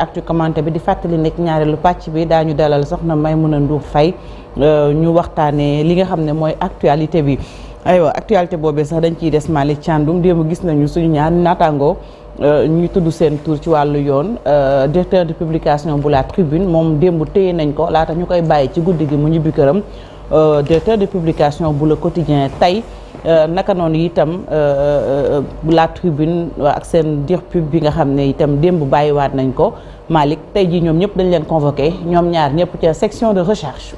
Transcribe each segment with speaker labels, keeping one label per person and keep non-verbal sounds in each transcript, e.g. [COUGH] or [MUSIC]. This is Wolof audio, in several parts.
Speaker 1: actu commenté bi di fàttali nekk ñaareelu pàcc bi daañu dalal soxna Maimouna Ndour Faye euh, ñu waxtaanee li nga xam ne mooy actualité bi aywa actualité boobee sax dañ ciy des Malick Thiandoum démb gis nañu suñu ñaar naataangoo euh, ñu tudd seen tur ci wàllu yoon euh, directeur de publication bu la tribune moom démb téye nañ ko laata ñu koy bàyyi ci guddi gi mu ñibbi këram directeur de publication bu le quotidien tey Euh, naka noonu itam euh, euh, la tribune ak seen dir pub bi nga xam ne itam démb bàyyiwaat nañ ko Malick tey jii ñoom ñëpp dañ leen convoqué ñoom ñaar ñëpp ca de recherche.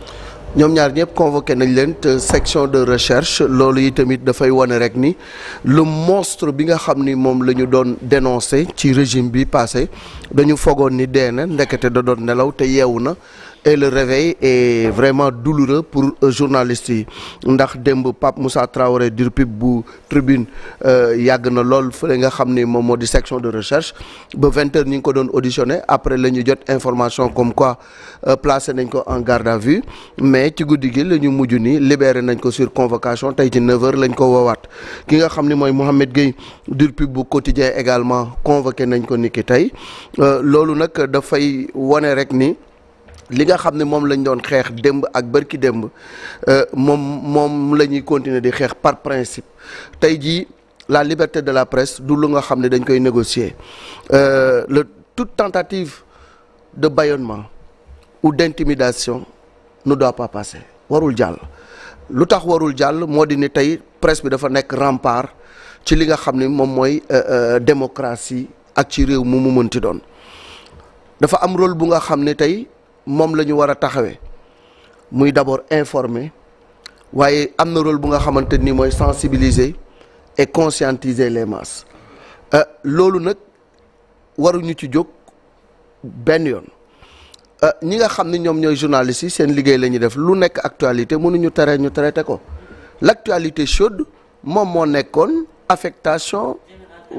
Speaker 2: ñoom ñaar ñëpp convoqué nañ leen section de recherche loolu yi tamit dafay wane rek ni le monstre bi nga xam ni moom la ñu doon dénoncé ci régime bi passé dañu fogoon ni dee ndekete da doon nelaw te yeewu na. et le réveil est vraiment douloureux pour journalistes yi ndax démb pap Moussa Traoré du pub bu tribune euh, yàgg na lool fële nga xam ni moom moo di section de recherche ba vingt heures ñu ngi ko doon auditionné après la jot information comme quoi euh, placé nañ ko en garde à vue mais ci guddi gi la ñu mujj nii libéré nañ ko sur convocation tey ci neuf heures lañ ko woowaat ki nga xam ni mooy Mohamed Gueye du pub bu quotidien également convoqué nañ ko niki tey euh, loolu nag dafay wone rek ni. li nga xam ne moom lañ doon xeex démb ak bërki démb euh, moom moom la ñuy continuer di xeex par principe tey jii la liberté de la presse du lu nga xam ne dañ koy négocier euh, le toute tentative de bâillonnement ou d'intimidation nu doit pas passer warul jàll lu tax warul jàll moo di ni tey presse bi dafa nekk rempart ci li nga xam ni moom mooy euh, démocratie ak ci réew mu mu mënti doon dafa am rôle bu nga xam ne tey moom la ñu war a taxawee muy d'abord informer waaye am na rôle bu nga xamante ni mooy sensibiliser et conscientiser les masses euh, loolu nag waruñu ci jóg benn yoon euh, ñi nga xam ni ñoom ñooy journalistes yi seen liggéey la ñuy def lu nekk actualité mënuñu tere ñu traité ko lactualité actualité moom moo nekkoon affectation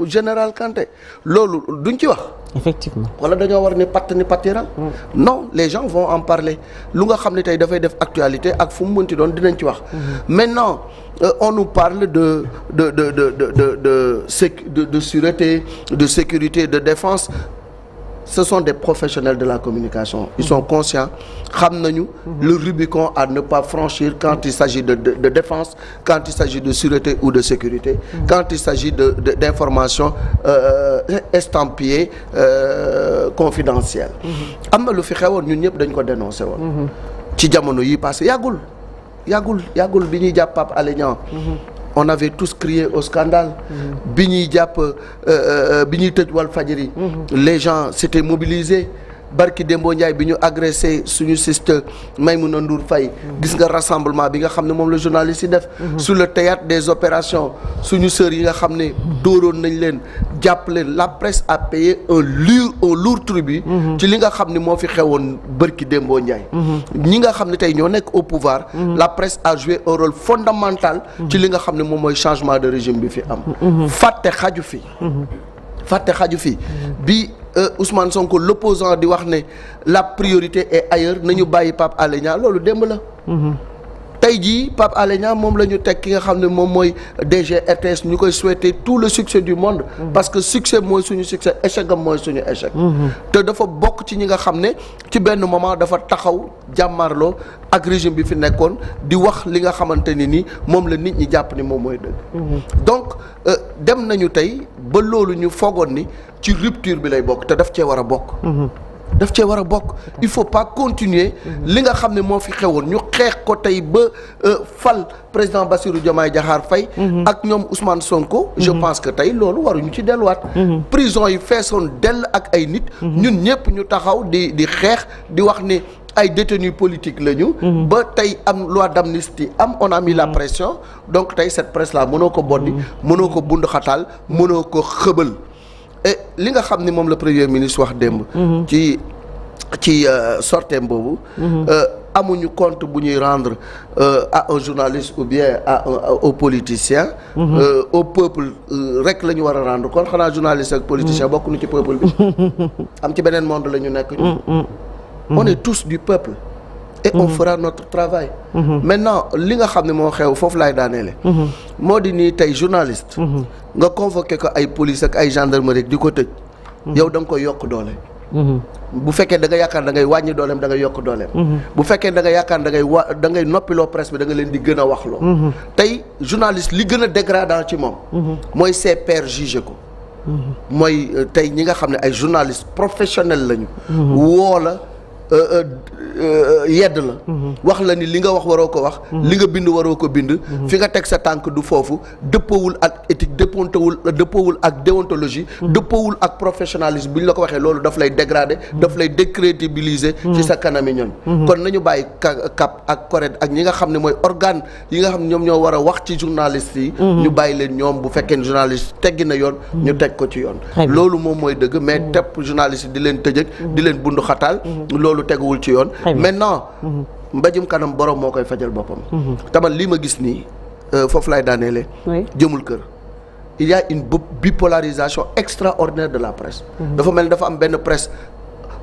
Speaker 2: général Kanté loolu duñ ci wax. effectivement wala dañoo war ni patt ni pattiral hmm. non les gens vont en parler lu nga xam ne tey dafay def actualité ak fu mu mënti doon dinañ ci wax. Hmm. maintenant euh, on nous parle de de de de de de de de de sûreté de sécurité de défense. ce sont des professionnels de la communication ils sont conscients xam nañu le Rubicon à ne pas franchir quand il s'agit de, de de défense quand il s'agit de sûreté ou de sécurité quand il s'agit de, de d'informations euh, estampillées euh, confidentielles am na lu fi xewoon ñun ñëpp dañ ko dénoncé woon mhm. ci jamono yi passé yàggul yàggul yàggul bi ñuy jàpp Pape on avait tous crié au scandale. Mm-hmm. bi ñuy jàpp euh, euh, euh, bi ñuy tëj Walfadjri. Mm-hmm. les gens s'étaient mobilisés. barki Dembo Ndiaye bi ñu agressé suñu may sister Maïmouna Ndour Faye gis nga rassemblement bi nga xam ne moom la journaliste yi def mhm. su le théâtre des opérations suñu sœurs yi nga xam ne dooroon nañ leen jàpp leen la presse a payé un lourd un lourd tribut mhm. ci li nga xam ne moo fi xewoon barki Dembo Ndiaye mhm. ñi nga xam ne tey ñoo nekk au pouvoir la presse a joué un rôle fondamental ci li nga xam ne moom mooy changement de régime bi fi am fàtte xaju fi fàtte xaju fi Euh, Ousmane Sonko l'opposant di wax ne la et est ailleurs nañu bàyyi Pape Alé Niang loolu démb la mm-hmm. tey jii Pape Alé moom la ñu teg ki nga xam ne moom mooy DG RTS ñu koy souhaiter tout le succès du monde. Mhm. parce que succès mooy suñu succès échec am mooy suñu échec. Mhm. te dafa bokk ci ñi nga xam ne ci benn moment dafa taxaw jàmmarloo ak régime bi fi nekkoon di wax li nga xamante ni ni moom la nit ñi jàpp ni moom mooy dëgg. Mhm. donc euh, dem nañu tey ba loolu ñu foogoon ni ci rupture bi lay bokk te daf cee war a bokk. daf cee war a bokk il faut pas continuer li nga xam ne moo fi xewoon ñu xeex ko tey ba euh, fal président Bassirou Diomaye Diakhar Faye mhm. ak ñoom Ousmane Sonko je mhm. pense que tey loolu waruñu ci delluwaat mhm. prison yi feesoon dell ak ay nit ñun ñëpp ñu taxaw di di xeex di wax ni ay détenus politiques lañu. ba tey am loi d'amnistie am on a mis la pression donc tey cette presse là mënoo ko boddi mënoo ko bund xataal mënoo ko xëbal li nga xam ne moom la premier ministre wax démb ci euh, sorteem boobu. Mhm. Euh, amuñu compte bu ñuy rendre euh, à un journaliste ou bien a aux politiciens mhm. au peuple rek la ñu war a rendre kon xanaa journaliste ak politicien mhm. bokkuñu ci peuple bi [LAUGHS] am ci beneen monde la ñu nekk mm,
Speaker 3: mm, mm. on est
Speaker 2: tous du peuple et on fera notre travail mm-hmm. maintenant li nga xam ne moo xew foofu laay daaneele mm-hmm. moo di nii tey journaliste mm-hmm. nga convoqué ko ay police ak ay gendarmerie di ko tëj yow da nga koy yokk doole Mm-hmm. bu fekkee da nga yaakaar da wàññi dooleem da ngay yokk dooleem. Mm-hmm. bu fekkee da yaakaar da wa da noppiloo presse bi da leen di gën a wax loo. Mm-hmm. tey journaliste li gën a ci moom. mooy ses pairs jugé ko. mooy euh, tey ñi nga xam ne ay journaliste professionnel lañu. woo Euh, euh, euh, yedd la wax la ni li nga wax waroo ko wax li nga bind waroo ko bind fi nga teg sa tànk du foofu dëppawul ak éthique dëppantewul dëppawul ak déontologie dëppawul ak professionnalisme bu ñu la ko waxee loolu daf lay dégrader daf lay décrédibiliser ci sa kanami ñooñ kon nañu bàyyi cap ak CORED ak ñi nga xam ne mooy organe yi nga xam ne ñoom ñoo war a wax ci journaliste yi ñu bàyyi leen ñoom bu fekkee journaliste teggi na yoon ñu teg ko ci yoon loolu moom mooy loolu teguwul ci yoon maintenant mhm. mbajum kanam borom moo koy fajal boppam mhm. taman lii ma gis nii euh, foofu laay daaneele jëmul kër il y a une bipolarisation extraordinaire de la presse mhm. dafa mel ni dafa am benn presse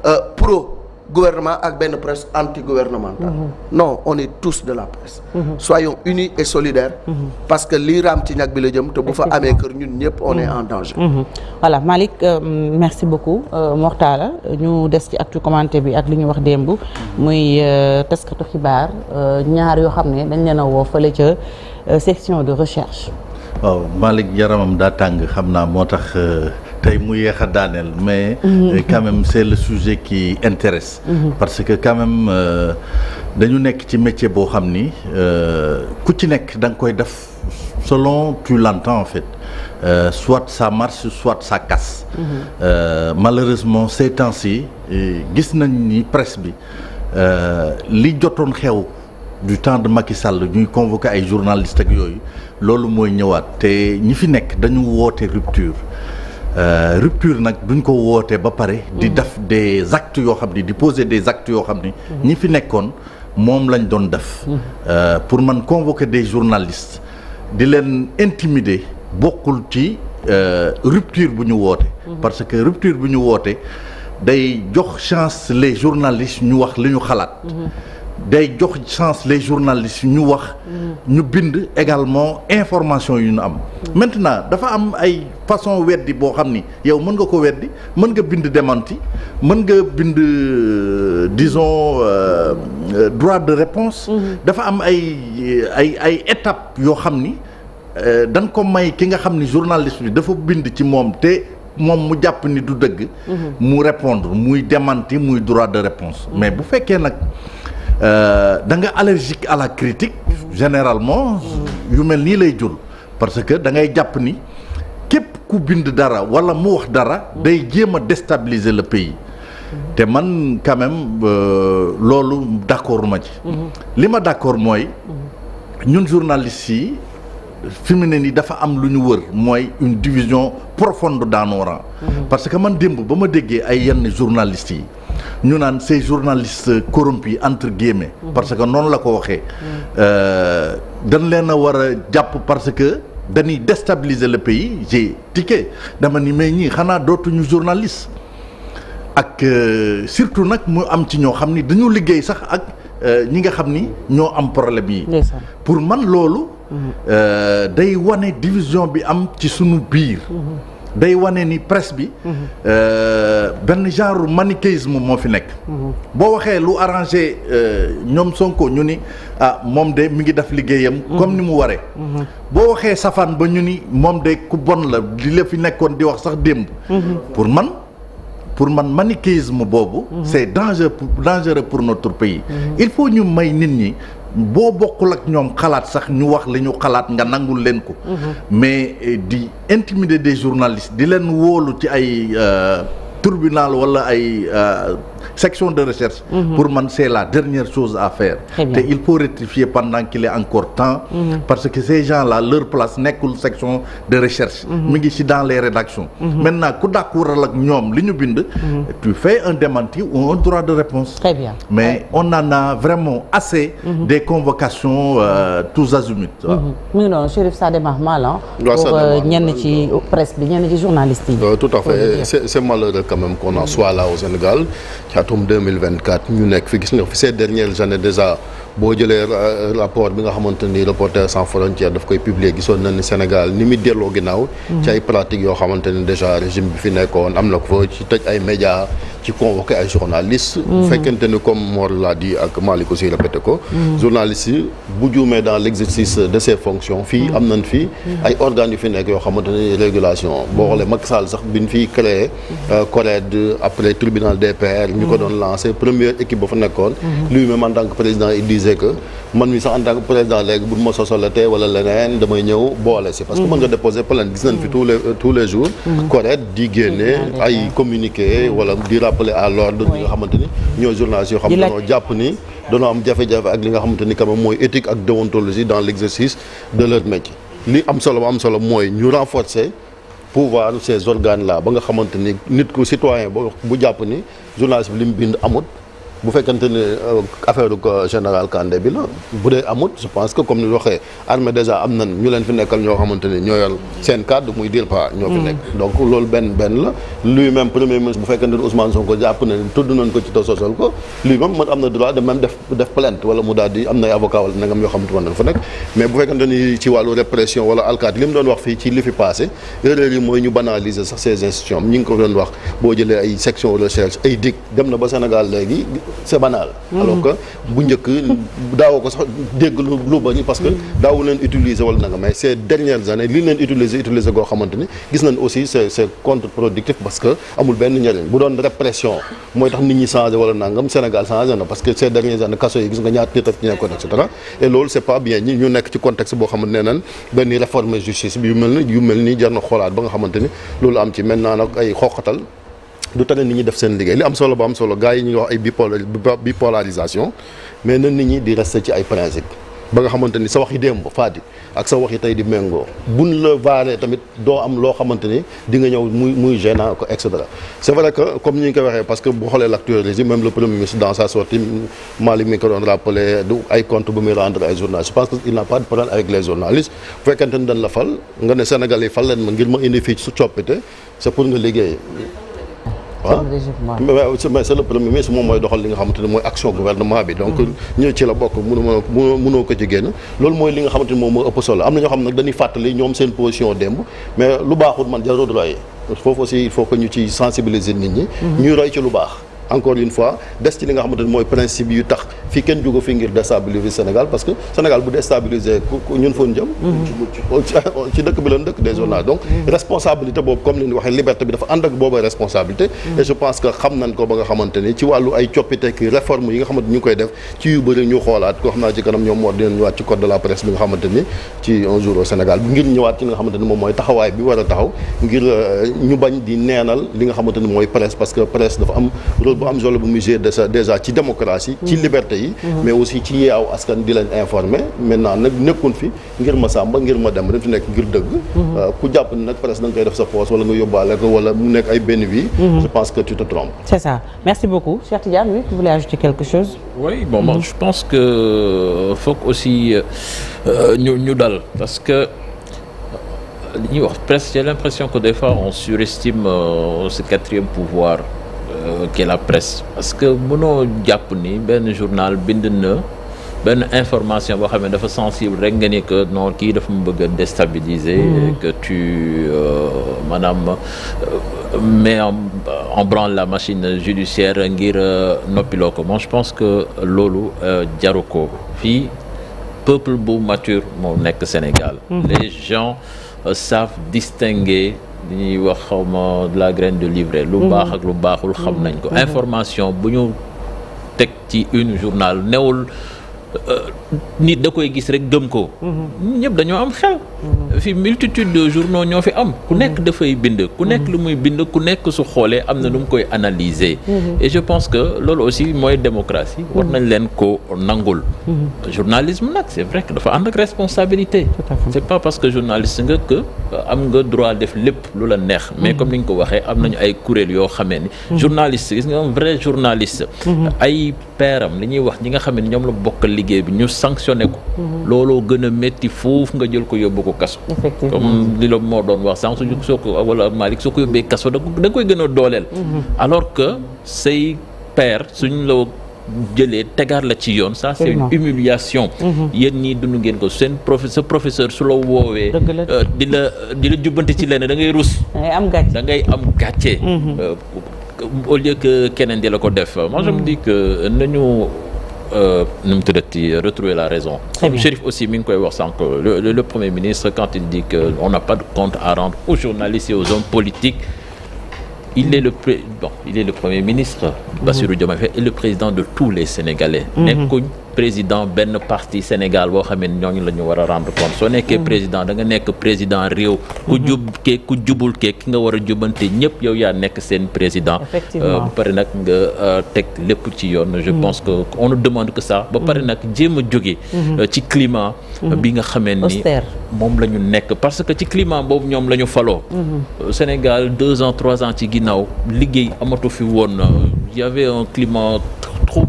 Speaker 2: euh, pro gouvernement ak benn presse anti-gouvernementale mhm. non on est tous de la presse mhm. soyons unis et solidaires mhm. parce que lii raam ci ñag bi la jëm te bu fa amee kër ñun ñëpp on est en danger
Speaker 1: voilà Malick euh, merci beaucoup euh, Mortala ñu des ci actu commenté bi ak li ñu wax démb muy euh, taskatu xibaar ñaar yoo xam ne dañ leen a woo fële ca section de recherche
Speaker 4: waaw Malick yaramam daa tàng xam naa moo tax tey mu yéex a daaneel mais mm-hmm, mm-hmm. Euh, quand même c'est le sujet qui intéresse mm-hmm. parce que quand même euh, dañu nekk ci métier boo xam ni euh, ku ci nekk da nga koy def selon tu l'entends en fait Euh, soit ça marche soit ça casse. malheureusement ces temps-ci gis nañ ni presse bi li jotoon xew du temps de Macky Sall ñuy convoqué ay journalistes ak yooyu loolu mooy ñëwaat te ñi fi nekk dañu woote rupture. Euh, rupture nag duñ ko wootee ba pare. di mm. def des actes yoo xam ni di poser des actes yoo xam ni. Mm. ñi fi nekkoon moom lañ doon def. Mm. Euh, pour man convoquer des journalistes di leen intimider bokkul ci euh, rupture bu ñu woote. Mm-hmm. parce que rupture bu ñu woote day jox chance les journalistes ñu wax li ñu xalaat. Mm-hmm. day jox chance les yu ñu wax. Mm. ñu bind également information yu ñu am. Mm. maintenant dafa am ay façon weddi boo xam ni yow mën nga ko weddi mën nga bind démenti mën nga bind euh, disons euh, euh, droit de réponse mm-hmm. dafa am ay ay ay étapes yoo xam ni euh, dan ko may ki nga xam ni journaliste bi dafa bind ci moom te. moom mu jàpp ni du dëgg. Mm-hmm. mu répondre muy démenti muy droit de réponse mm-hmm. mais bu fekkee nag Euh, da nga allergique à la critique généralement yu mel nii lay jur parce que da ngay jàpp ni képp ku bind dara walla mu wax dara day jéem a déstabiliser le pays te man quand euh, loolu d'accord ma ci li ma d'accord mooy ñun journalistes yi fi mu ne nii dafa am lu ñu wër mooy une division profonde dans nos rangs parce que man démb ba ma déggee ay yenn journalistes yi ñu naan ces journalistes corrompus entre guillemets. Mhm. parce que noonu la ko waxee. Euh, dañ leen a war a jàpp parce que dañuy déstabiliser le pays j'ai tiqué dama ni mais ñii xanaa dootuñu journaliste. ak euh, surtout nag mu am ci ñoo xam ni dañu liggéey sax ak euh, ñi nga xam ni ñoo am problème yi. pour man loolu. Mhm. day wane division bi am ci sunu biir. Mhm. day wane ni presse bi. Mhm. Euh, benn genre manichéisme moo fi nekk. Mhm. boo waxee lu arrangé euh, ñoom Sonko ñu ni ah moom de mi ngi def liggéeyam. Mhm. comme ni mu waree. boo waxee safaan ba ñu ni moom de ku bon la li la fi nekkoon di wax sax démb. pour man pour man manichéisme boobu. c'est dangereux dangereux pour notre pays. il faut ñu may nit ñi. boo bokkul ak ñoom xalaat sax ñu wax li ñu xalaat nga nangul leen ko. mais eh, di intimider des journalistes di leen wóolu ci ay euh, tribunal wala ay. Euh, section de recherche. Mhm. pour man c'est la dernière chose à faire. te il faut rectifier pendant qu'il est encore temps. Mhm. parce que ces gens-là leur place nekkul section de recherche. Mhm. mi ngi ci dans les rédactions. maintenant ku d'accordal ak ñoom li ñu bind. tu fais un démenti ou un droit de réponse. mais on en a vraiment assez. des convocations euh, tous azimuts.
Speaker 1: muy noonu Chérif euh, bi ñenn ci journaliste yi. Euh, tout à fait
Speaker 5: c'est malheureux quand même qu'on en soit là au Sénégal. ci atum 2024 ñu nekk fi gis nga fi ces dernières années déjà boo jëlee euh, rapport bi nga xamante ni sans frontières daf koy publier gisoon na Sénégal ni muy delloo ginnaaw. Mm-hmm. ci ay yoo xamante déjà régime bi fi nekkoon am na ko fa ci tëj ay médias. ci convoqué ay journalistes. Mm. bu fekkente ni comme Mor l'a dit ak Malick aussi répété ko. Mm. journalistes yi bu juumee dans l' de ses fonctions. fii mm. am nañ fi ay organes yu fi nekk yoo xamante ne régulation boo xoolee Macky Sall sax bi ñu fiy créé. Euh, CORED après tribunal DPR. ñu ko doon lancé première équipe ba fa nekkoon. lui même en tant président il disait que man mi sax en tant président léegi bu ma sosolatee wala leneen damay ñëw boole si. parce que rappeler à l'ordre ñi nga xamante ni ñooy journalistes yoo xam ne dañoo jàpp ni dañoo am jafe-jafe ak li nga xamante ni quand même mooy éthique ak déontologie dans l'exercice de leur métier li am solo am solo mooy ñu renforcer pouvoir ces organes là ba nga xamante ni nit ku citoyen ba bu jàpp ni journaliste bi li mu bind amut bu fekkante ni euh, affaire général Kandé bi la bu dee amut je pense que comme ni waxee armée déjà am na ñu leen fi nekkal ñoo xamante ni ñoo yor seen cadre muy dir pa ñoo fi mm. nekk donc loolu benn benn la lui même premier ministre bu fekkante ni Ousmane Sonko jàpp na tudd nañ ko ci te sosal ko lui même man am na droit de même def def plainte mu daal am nay avocat wala nangam yoo xamante man nañ fa nekk mais bu fekkante ni ci wàllu répression wala alkaati li mu doon wax fii ci li fi passé erreur yi mooy ñu banaliser sax ces institutions ñi ngi ko doon wax boo jëlee ay section recherche ay dig dem na ba Sénégal léegi c'est banal. Mm-hmm. alors que bu njëkk daawoo ko sax dégg lu lu bari parce que mm-hmm. daawu leen utiliser wala nanga mais ces dernières années li leen utiliser utiliser goo xamante ni gis nañ aussi c'est c'est contre-productif parce que amul benn njëriñ bu doon répression mooy tax nit ñi changé wala nangam Sénégal changé na parce que ces dernières années kaso yi gis nga ñaata nit ak ñi nekkoon et nekk ci contexte boo xamante ne nan benn réforme justice yu mel ni yu mel ni jar xoolaat ba nga xamante ni loolu am ci maintenant nag ay du tane nit ñi def seen liggéey li am solo ba am solo gars yi ñu ngi wax ay bipolar bipolarisation mais na nit ñi di rester ci ay principe ba nga xamante ni sa wax yi démb faadi ak sa wax yi tey di méngoo buñ la vaaree tamit doo am loo xamante ni di nga ñëw muy muy gênant ko et c'est vrai que comme ni ñu ko waxee parce que bu xoolee l'actualité même le premier ministre dans sa sortie Malick mi ko doon rappelé du ay compte bu muy rendre ay journalistes pense que il n'a pas de ni dañ la fal nga ne Sénégal yi fal leen ma ngir ma fii su coppite c'est liggéey
Speaker 4: mais
Speaker 5: c'est le premier ministre moom mooy doxal li nga xamante mooy action gouvernement bi donc ñëw ci la bokk mënuma mënoo ko ci génn loolu mooy li nga xamante moom moo ëpp solo am na ñoo xam nag dañuy fàttali ñoom seen position démb mais lu baaxul man jarul roy foofu aussi il faut que ñu ci sensibiliser nit ñi mm-hmm. ñuy roy ci lu baax encore une fois des ci li nga xamante mooy principe yu tax fii kenn jóge fi ngir déstabiliser Sénégal parce que Sénégal bu déstabiliser ku ñun foon jëm. Mhm. ci dëkk bi lan dëkk des zones donc mhm. responsabilité boobu comme ni ñu waxee liberté bi dafa ànd ak boobu responsabilité. Mhm. et je pense que xam nañ ko ba nga xamante ci wàllu ay coppiteek réforme yi nga xamante ñu koy def ci yu bëri ñu xoolaat ko xam naa ci ñoom mooy a euh, di neenal li nga xamante bu am solo bu muy jouer déjà déjà ci démocratie ci liberté yi mais aussi ci yeew askan di leen informer maintenant nag nekkuñ fi ngir ma sàmba ngir ma dem dañ nekk ngir dëgg euh, ku jàpp ne nag presse da nga koy def sa poche wala nga yóbbaale ko wala mu nekk ay benn wi mhm. je pense que tu te
Speaker 1: c'est ça merci beaucoup Cheikh Tidiane
Speaker 3: oui mhm. je pense que euh, foog aussi euh, ñu ñu dal parce que li ñuy wax presque j'ai l'impression que des fois on surestime ce quatrième pouvoir kii euh, la presse parce que mënoo jàpp ni benn journal bind na benn information boo xam ne dafa sensible rek nga ni que non kii dafa mu bëgg a déstabiliser hmm. que tu euh, maanaam euh, mets en branle la machine judiciaire ngir noppiloo ko bon je pense que loolu jaru ko fii peuple bu mature moo nekk Sénégal hmm. les gens savent distinguer li wax xaw la graine de livret lu mhm. baax ak lu baaxul xam nañ ko mhm. information bu ñu teg ci une journal newul nit da koy gis rek gëm ko. Mhm. ñëpp dañoo am xel. Mhm. fi multitude de journaux ñoo fi am. ku nekk mhm. dafay bind. ku nekk lu muy bind ku nekk su xoolee am na lu mu koy analyser. et je pense que loolu aussi mooy démocratie. war nañ leen ko nangul. journalisme nag c'est vrai que dafa ànd ak responsabilité. c'est pas parce que journaliste nga que euh, am nga droit def lépp lu la neex. mais comme ni ñu ko waxee am nañu ay kuréel yoo xamee ni. journaliste gis nga un vrai journaliste. liggéey bi ñu sanctionné ko. Mhm. looloo gën a métti foofu nga jël ko yóbbu ko kaso. comme li la moo doon wax sànq suñu soo ko wala Malick soo ko yóbbee kaso da nga koy gën a dooleel. Mhm. alors que say père suñ la jëlee tegaat la ci yoon ça c'est une humiliation mhm. yéen ñii dund ngeen ko seen professeur professeur su la woowee euh, di la di la jubbante ci lenn da rus da ngay am gàcce euh, au lieu que keneen di la ko def moi je me que nañu Euh, nu mu tuddati euh, retrouver la raison. Chérif aussi mi ngi koy wax sànq le le premier ministre quand il dit que on n'a pas de compte à rendre aux journalistes et aux hommes politiques. il est le pré bon il est le premier ministre. Mhm. Bassirou Diomaye Faye est le président de tous les Sénégalais. Mhm. nekkuñ. président benn parti Sénégal boo xam ne ñooñu la ñu war a rendre compte soo nekkee mm-hmm. président da nga nekk président réew ku mm-hmm. jub kee ku jubul kee ki nga war a jubante ñëpp yaa nekk seen président euh, ba pare nag nga euh, teg lépp ci yoon je mm-hmm. pense que on ne demande que ça ba pare nag jéem a jóge euh, ci climat bi nga xamee ni moom la ñu nekk parce que ci climat boobu ñoom la ñu faloo Sénégal deux ans trois ans ci ginnaaw liggéey amatu fi woon il un climat trop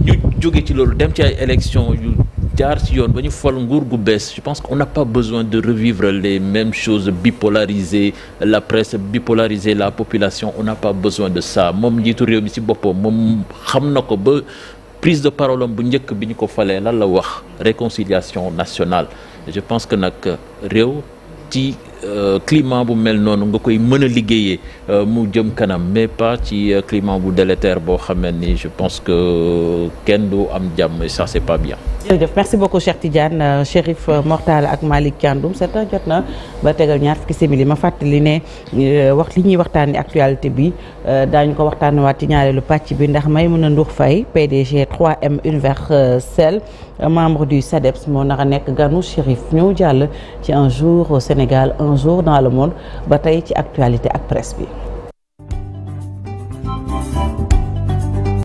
Speaker 3: ñu jóge ci loolu dem ci ay élections yu jaar ci yoon ba ñu fal nguur gu bees je pense qu'on n'a pas besoin de revivre les mêmes choses bipolariser la presse bipolariser la population on n'a pas besoin de ça moom njiitu réew mi ci boppam moom xam na ko ba prise de parole bu njëkk bi ñu ko falee lan la wax réconciliation nationale je pense que nag réew ci Euh, climat bu mel noonu nga koy mën a liggéeyee euh, mu jëm kanam mais pas ci euh, climat bu délétère boo xam xamee ni je pense que kenn du am jàmm ça c'est pas bien.
Speaker 1: jërëjëf merci beaucoup Cheikh Tidiane Chérif Mortal ak Malick Thiandoum sept heures jot na ba tegal ñaar fukki simili ma fàttali ne wax li ñuy waxtaanee actualité bi daañu ko waat ci ñaareelu pàcc bi ndax Maimouna Ndour Faye PDG 3M Universel. membre du SADEPS e moo nar a nekk ganu Chérif ñëw jàll ci un jour au Sénégal un jour dans le monde ba tey ci actualité ak presse bi.